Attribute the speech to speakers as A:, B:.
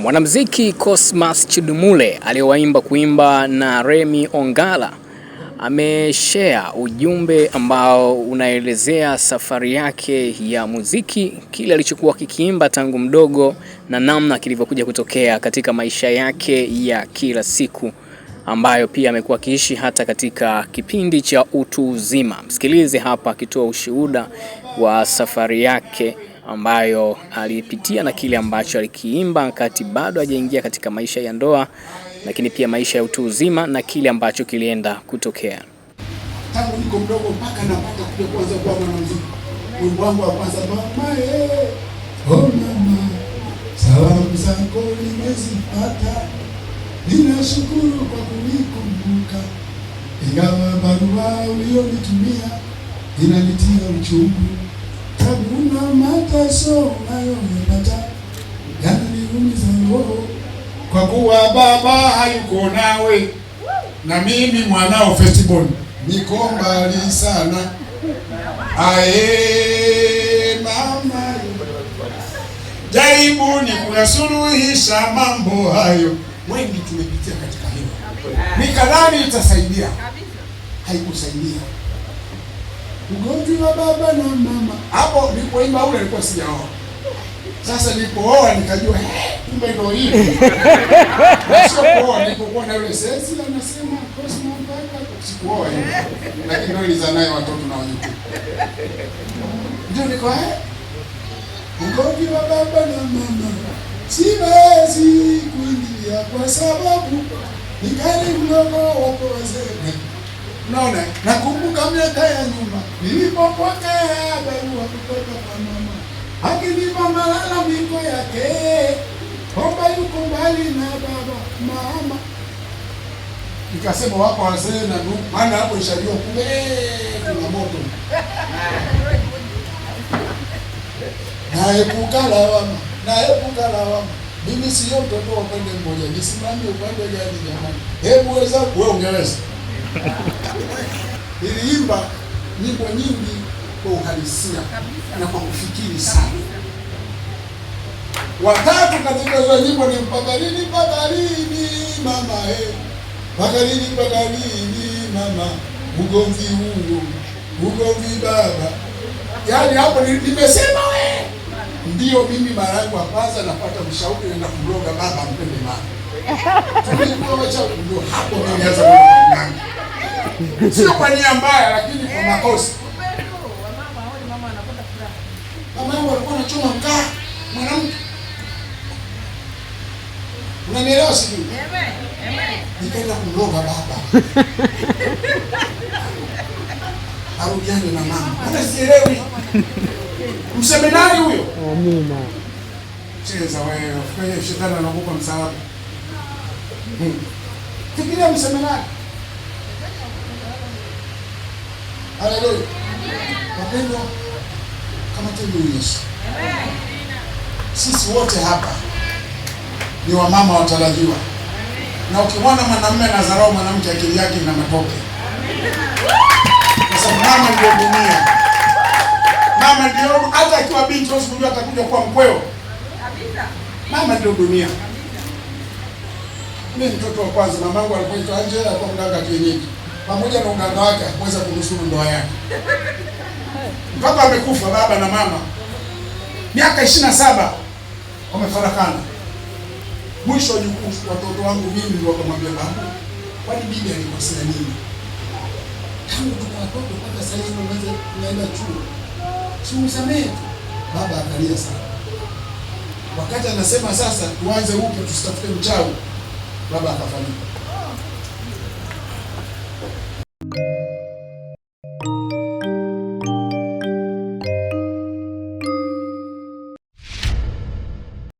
A: Mwanamuziki Cosmas Chidumule aliyewaimba kuimba na Remi Ongala ameshare ujumbe ambao unaelezea safari yake ya muziki, kile alichokuwa kikiimba tangu mdogo na namna kilivyokuja kutokea katika maisha yake ya kila siku ambayo pia amekuwa akiishi hata katika kipindi cha utu uzima. Msikilize hapa akitoa ushuhuda wa safari yake ambayo alipitia na kile ambacho alikiimba wakati bado hajaingia katika maisha ya ndoa, lakini pia maisha ya utu uzima na kile ambacho kilienda kutokea.
B: Tangu niko mdogo mpaka napata kuja kuanza kuwa mwanamuziki. Wimbo wangu wa kwanza, mama eh, oh mama, salamu zako nimezipata, ninashukuru kwa kunikumbuka, ingawa barua uliyonitumia inanitia uchungu hakuna mateso unayopata ndani roho, kwa kuwa Baba hayuko nawe. Na mimi mwanao Fesibon niko mbali sana. Ae mama, jaribu ni kuyasuluhisha mambo hayo. Wengi tumepitia katika hilo, ni kadhani itasaidia, haikusaidia. Mgomvi wa baba na mama. Hapo ima ule alikuwa sijaoa. Sasa nilipooa nikajua eh, kumbe ndio hivi. Sasa kuoa nilipokuwa na yule sensi anasema Cosmo Mbaka sikuoa hivi. Lakini ndio nilizaa naye watoto na wajukuu. Ndio niko eh? Mgomvi wa baba na mama. Siwezi kuingia kwa sababu nikali mdogo wako wazee. Naona nakumbuka miaka ya nyuma nilipopokea barua kutoka kwa mama akinipa malalamiko yake kwamba yuko mbali na baba mama, nikasema wako wazee na ndugu, maana hapo ishalio kule kuna moto naepuka lawama, naepuka lawama. Mimi sio mtoto wa upande mmoja, nisimamie upande gani jamani? Hebu weza wewe, ungeweza Niliimba nyimbo nyingi kwa uhalisia na kwa kufikiri sana. Watatu katika hizo nyimbo ni mpagalini lini, mama, eh, mpaka lini, mama, ugomvi huu, ugomvi baba. Yaani hapo nimesema wewe ndio mimi mara yangu kwanza napata mshauri naenda kumloga baba mpende mama. wacha ndio hapo nimeanza kumloga. sio kwa nia mbaya, lakini kwa eh, makosa. Mama yangu alikuwa anachoma mkaa mwanamke, unanielewa? Sijui nikaenda kumloga baba na mama, hata sielewi mseminari huyo. Amina, cheza wewe, shetani anakupa hmm. Fikiria mseminari Haleluya. Wapendwa, kamateni Yesu. Sisi wote hapa ni wamama watarajiwa, na ukimwona mwanamume anadharau mwanamke, akili yake ina matope, kwa sababu mama ndio dunia, mama ndio. Hata akiwa binti wewe atakuja kuwa mkweo kabisa. Mama ndio dunia. Mimi mtoto wa kwanza mamangu alipoitwa Angela kwa mganga kienyeji pamoja na uganga wake hakuweza kunusuru ndoa yake. Mpaka amekufa baba na mama, miaka ishirini na saba wamefarakana. Mwisho wa jukuu, watoto wangu mimi wakamwambia babu, kwani bibi alikosea nini? Tangu tuko watoto mpaka sasa hivi tunaenda chuo, simsamehe tu. Baba akalia sana, wakati anasema sasa tuanze upya, tusitafute mchawi. Baba akafanika